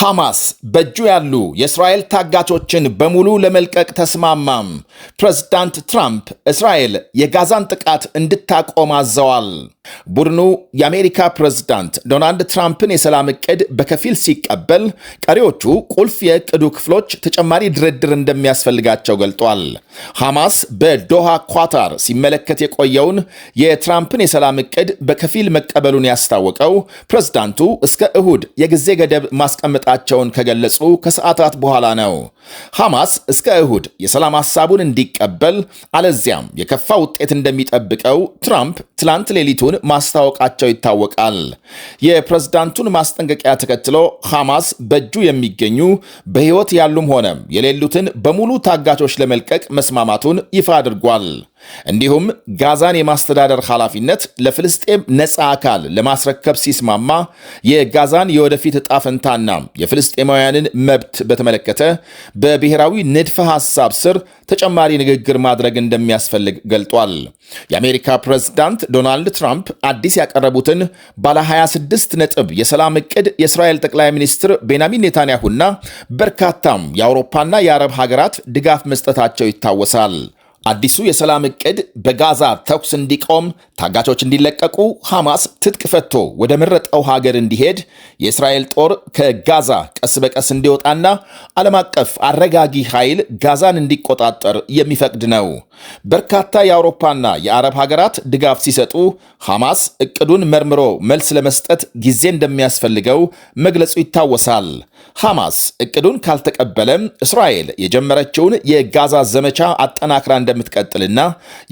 ሐማስ በእጁ ያሉ የእስራኤል ታጋቾችን በሙሉ ለመልቀቅ ተስማማም። ፕሬዝዳንት ትራምፕ እስራኤል የጋዛን ጥቃት እንድታቆም አዘዋል። ቡድኑ የአሜሪካ ፕሬዝዳንት ዶናልድ ትራምፕን የሰላም እቅድ በከፊል ሲቀበል፣ ቀሪዎቹ ቁልፍ የእቅዱ ክፍሎች ተጨማሪ ድርድር እንደሚያስፈልጋቸው ገልጧል። ሐማስ በዶሃ ኳታር ሲመለከት የቆየውን የትራምፕን የሰላም እቅድ በከፊል መቀበሉን ያስታወቀው ፕሬዝዳንቱ እስከ እሁድ የጊዜ ገደብ ማስቀመጥ ማድመጣቸውን ከገለጹ ከሰዓታት በኋላ ነው። ሐማስ እስከ እሁድ የሰላም ሐሳቡን እንዲቀበል አለዚያም የከፋ ውጤት እንደሚጠብቀው ትራምፕ ትላንት ሌሊቱን ማስታወቃቸው ይታወቃል። የፕሬዝዳንቱን ማስጠንቀቂያ ተከትሎ ሐማስ በእጁ የሚገኙ በሕይወት ያሉም ሆነም የሌሉትን በሙሉ ታጋቾች ለመልቀቅ መስማማቱን ይፋ አድርጓል። እንዲሁም ጋዛን የማስተዳደር ኃላፊነት ለፍልስጤም ነፃ አካል ለማስረከብ ሲስማማ የጋዛን የወደፊት ዕጣ ፈንታና የፍልስጤማውያንን መብት በተመለከተ በብሔራዊ ንድፈ ሐሳብ ስር ተጨማሪ ንግግር ማድረግ እንደሚያስፈልግ ገልጧል። የአሜሪካ ፕሬዝዳንት ዶናልድ ትራምፕ አዲስ ያቀረቡትን ባለ 26 ነጥብ የሰላም ዕቅድ የእስራኤል ጠቅላይ ሚኒስትር ቤንያሚን ኔታንያሁና በርካታም የአውሮፓና የአረብ ሀገራት ድጋፍ መስጠታቸው ይታወሳል። አዲሱ የሰላም እቅድ በጋዛ ተኩስ እንዲቆም፣ ታጋቾች እንዲለቀቁ፣ ሐማስ ትጥቅ ፈቶ ወደ መረጠው ሀገር እንዲሄድ፣ የእስራኤል ጦር ከጋዛ ቀስ በቀስ እንዲወጣና ዓለም አቀፍ አረጋጊ ኃይል ጋዛን እንዲቆጣጠር የሚፈቅድ ነው። በርካታ የአውሮፓና የአረብ ሀገራት ድጋፍ ሲሰጡ ሐማስ እቅዱን መርምሮ መልስ ለመስጠት ጊዜ እንደሚያስፈልገው መግለጹ ይታወሳል። ሐማስ እቅዱን ካልተቀበለም እስራኤል የጀመረችውን የጋዛ ዘመቻ አጠናክራ እንደ እንደምትቀጥልና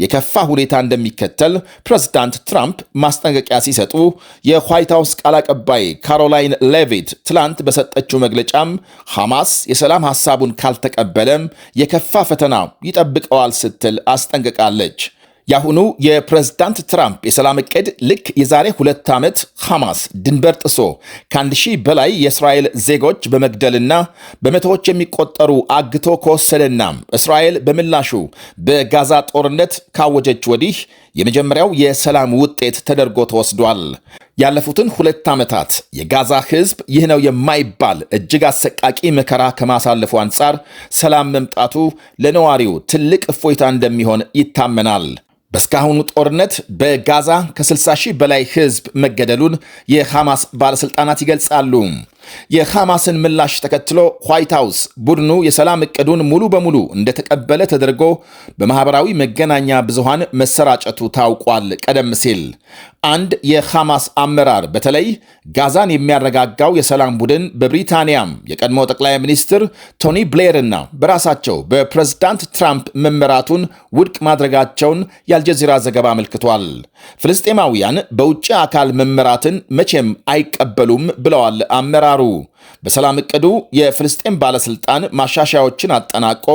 የከፋ ሁኔታ እንደሚከተል ፕሬዝዳንት ትራምፕ ማስጠንቀቂያ ሲሰጡ የዋይት ሀውስ ቃል አቀባይ ካሮላይን ሌቪት ትላንት በሰጠችው መግለጫም ሐማስ የሰላም ሐሳቡን ካልተቀበለም የከፋ ፈተና ይጠብቀዋል ስትል አስጠንቅቃለች። የአሁኑ የፕሬዝዳንት ትራምፕ የሰላም እቅድ ልክ የዛሬ ሁለት ዓመት ሐማስ ድንበር ጥሶ ከአንድ ሺህ በላይ የእስራኤል ዜጎች በመግደልና በመቶዎች የሚቆጠሩ አግቶ ከወሰደና እስራኤል በምላሹ በጋዛ ጦርነት ካወጀች ወዲህ የመጀመሪያው የሰላም ውጤት ተደርጎ ተወስዷል። ያለፉትን ሁለት ዓመታት የጋዛ ሕዝብ ይህ ነው የማይባል እጅግ አሰቃቂ መከራ ከማሳለፉ አንጻር ሰላም መምጣቱ ለነዋሪው ትልቅ እፎይታ እንደሚሆን ይታመናል። በእስካሁኑ ጦርነት በጋዛ ከ60 ሺህ በላይ ሕዝብ መገደሉን የሐማስ ባለሥልጣናት ይገልጻሉ። የሐማስን ምላሽ ተከትሎ ዋይት ሃውስ ቡድኑ የሰላም እቅዱን ሙሉ በሙሉ እንደተቀበለ ተደርጎ በማኅበራዊ መገናኛ ብዙሃን መሰራጨቱ ታውቋል። ቀደም ሲል አንድ የሐማስ አመራር በተለይ ጋዛን የሚያረጋጋው የሰላም ቡድን በብሪታንያም የቀድሞ ጠቅላይ ሚኒስትር ቶኒ ብሌርና በራሳቸው በፕሬዝዳንት ትራምፕ መመራቱን ውድቅ ማድረጋቸውን የአልጀዚራ ዘገባ አመልክቷል። ፍልስጤማውያን በውጭ አካል መመራትን መቼም አይቀበሉም ብለዋል አመራር አመራሩ በሰላም እቅዱ የፍልስጤም ባለሥልጣን ማሻሻያዎችን አጠናቆ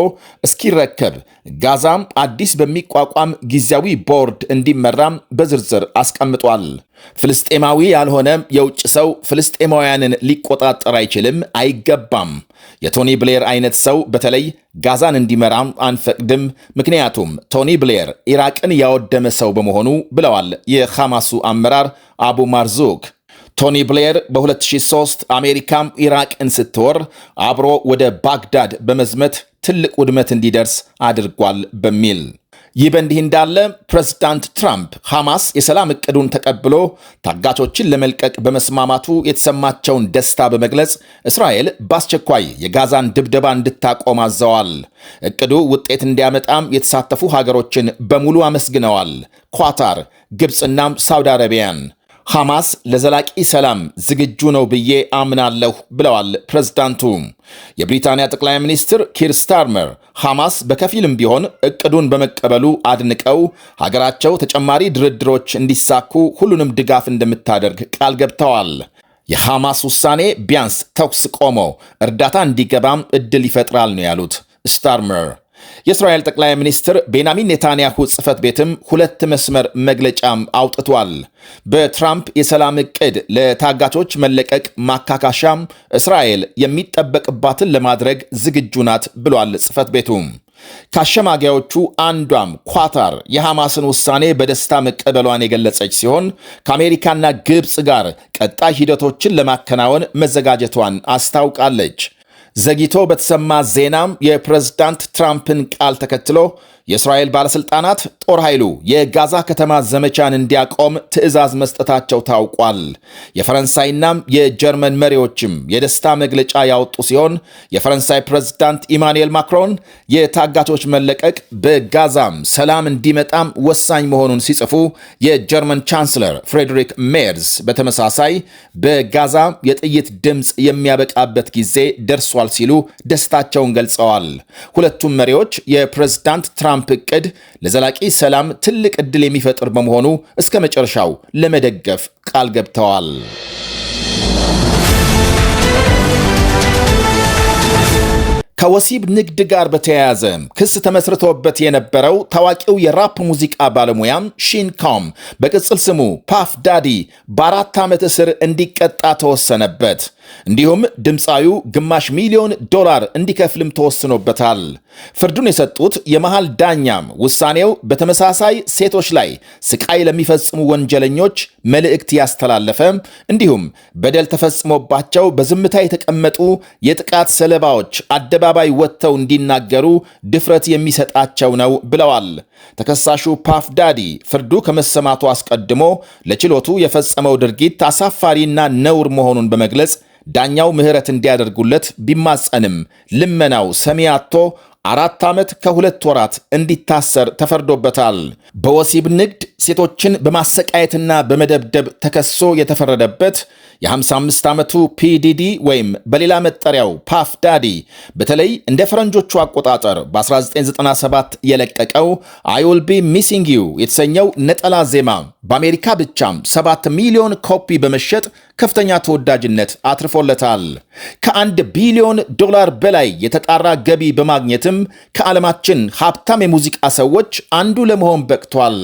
እስኪረከብ ጋዛም አዲስ በሚቋቋም ጊዜያዊ ቦርድ እንዲመራም በዝርዝር አስቀምጧል። ፍልስጤማዊ ያልሆነ የውጭ ሰው ፍልስጤማውያንን ሊቆጣጠር አይችልም፣ አይገባም። የቶኒ ብሌር አይነት ሰው በተለይ ጋዛን እንዲመራም አንፈቅድም፣ ምክንያቱም ቶኒ ብሌር ኢራቅን ያወደመ ሰው በመሆኑ ብለዋል የሐማሱ አመራር አቡ ማርዙክ። ቶኒ ብሌር በ2003 አሜሪካም ኢራቅን ስትወር አብሮ ወደ ባግዳድ በመዝመት ትልቅ ውድመት እንዲደርስ አድርጓል በሚል ይህ በእንዲህ እንዳለ ፕሬዝዳንት ትራምፕ ሐማስ የሰላም እቅዱን ተቀብሎ ታጋቾችን ለመልቀቅ በመስማማቱ የተሰማቸውን ደስታ በመግለጽ እስራኤል በአስቸኳይ የጋዛን ድብደባ እንድታቆም አዘዋል። እቅዱ ውጤት እንዲያመጣም የተሳተፉ ሀገሮችን በሙሉ አመስግነዋል። ኳታር፣ ግብፅናም ሳውዲ አረቢያን ሐማስ ለዘላቂ ሰላም ዝግጁ ነው ብዬ አምናለሁ ብለዋል ፕሬዝዳንቱ። የብሪታንያ ጠቅላይ ሚኒስትር ኪር ስታርመር ሐማስ በከፊልም ቢሆን እቅዱን በመቀበሉ አድንቀው ሀገራቸው ተጨማሪ ድርድሮች እንዲሳኩ ሁሉንም ድጋፍ እንደምታደርግ ቃል ገብተዋል። የሐማስ ውሳኔ ቢያንስ ተኩስ ቆሞ እርዳታ እንዲገባም እድል ይፈጥራል ነው ያሉት ስታርመር። የእስራኤል ጠቅላይ ሚኒስትር ቤንያሚን ኔታንያሁ ጽህፈት ቤትም ሁለት መስመር መግለጫም አውጥቷል። በትራምፕ የሰላም እቅድ ለታጋቾች መለቀቅ ማካካሻም እስራኤል የሚጠበቅባትን ለማድረግ ዝግጁ ናት ብሏል ጽህፈት ቤቱ። ከአሸማጊያዎቹ አንዷም ኳታር የሐማስን ውሳኔ በደስታ መቀበሏን የገለጸች ሲሆን ከአሜሪካና ግብፅ ጋር ቀጣይ ሂደቶችን ለማከናወን መዘጋጀቷን አስታውቃለች። ዘግይቶ በተሰማ ዜናም የፕሬዝዳንት ትራምፕን ቃል ተከትሎ የእስራኤል ባለሥልጣናት ጦር ኃይሉ የጋዛ ከተማ ዘመቻን እንዲያቆም ትዕዛዝ መስጠታቸው ታውቋል። የፈረንሳይናም የጀርመን መሪዎችም የደስታ መግለጫ ያወጡ ሲሆን የፈረንሳይ ፕሬዝዳንት ኢማኑኤል ማክሮን የታጋቾች መለቀቅ በጋዛም ሰላም እንዲመጣም ወሳኝ መሆኑን ሲጽፉ፣ የጀርመን ቻንስለር ፍሬድሪክ ሜርዝ በተመሳሳይ በጋዛ የጥይት ድምፅ የሚያበቃበት ጊዜ ደርሷል ሲሉ ደስታቸውን ገልጸዋል። ሁለቱም መሪዎች የፕሬዝዳንት ትራምፕ የትራምፕ እቅድ ለዘላቂ ሰላም ትልቅ ዕድል የሚፈጥር በመሆኑ እስከ መጨረሻው ለመደገፍ ቃል ገብተዋል። ከወሲብ ንግድ ጋር በተያያዘ ክስ ተመስርቶበት የነበረው ታዋቂው የራፕ ሙዚቃ ባለሙያም ሺንካም በቅጽል ስሙ ፓፍ ዳዲ በአራት ዓመት እስር እንዲቀጣ ተወሰነበት። እንዲሁም ድምፃዩ ግማሽ ሚሊዮን ዶላር እንዲከፍልም ተወስኖበታል። ፍርዱን የሰጡት የመሃል ዳኛም ውሳኔው በተመሳሳይ ሴቶች ላይ ስቃይ ለሚፈጽሙ ወንጀለኞች መልእክት ያስተላለፈ እንዲሁም በደል ተፈጽሞባቸው በዝምታ የተቀመጡ የጥቃት ሰለባዎች አደባ በአደባባይ ወጥተው እንዲናገሩ ድፍረት የሚሰጣቸው ነው ብለዋል። ተከሳሹ ፓፍ ዳዲ ፍርዱ ከመሰማቱ አስቀድሞ ለችሎቱ የፈጸመው ድርጊት አሳፋሪና ነውር መሆኑን በመግለጽ ዳኛው ምሕረት እንዲያደርጉለት ቢማጸንም ልመናው ሰሚ አጥቶ አራት ዓመት ከሁለት ወራት እንዲታሰር ተፈርዶበታል። በወሲብ ንግድ ሴቶችን በማሰቃየትና በመደብደብ ተከሶ የተፈረደበት የ55 ዓመቱ ፒዲዲ ወይም በሌላ መጠሪያው ፓፍ ዳዲ በተለይ እንደ ፈረንጆቹ አቆጣጠር በ1997 የለቀቀው አይል ቢ ሚሲንግ ዩ የተሰኘው ነጠላ ዜማ በአሜሪካ ብቻም 7 ሚሊዮን ኮፒ በመሸጥ ከፍተኛ ተወዳጅነት አትርፎለታል። ከአንድ ቢሊዮን ዶላር በላይ የተጣራ ገቢ በማግኘትም ከዓለማችን ሀብታም የሙዚቃ ሰዎች አንዱ ለመሆን በቅቷል።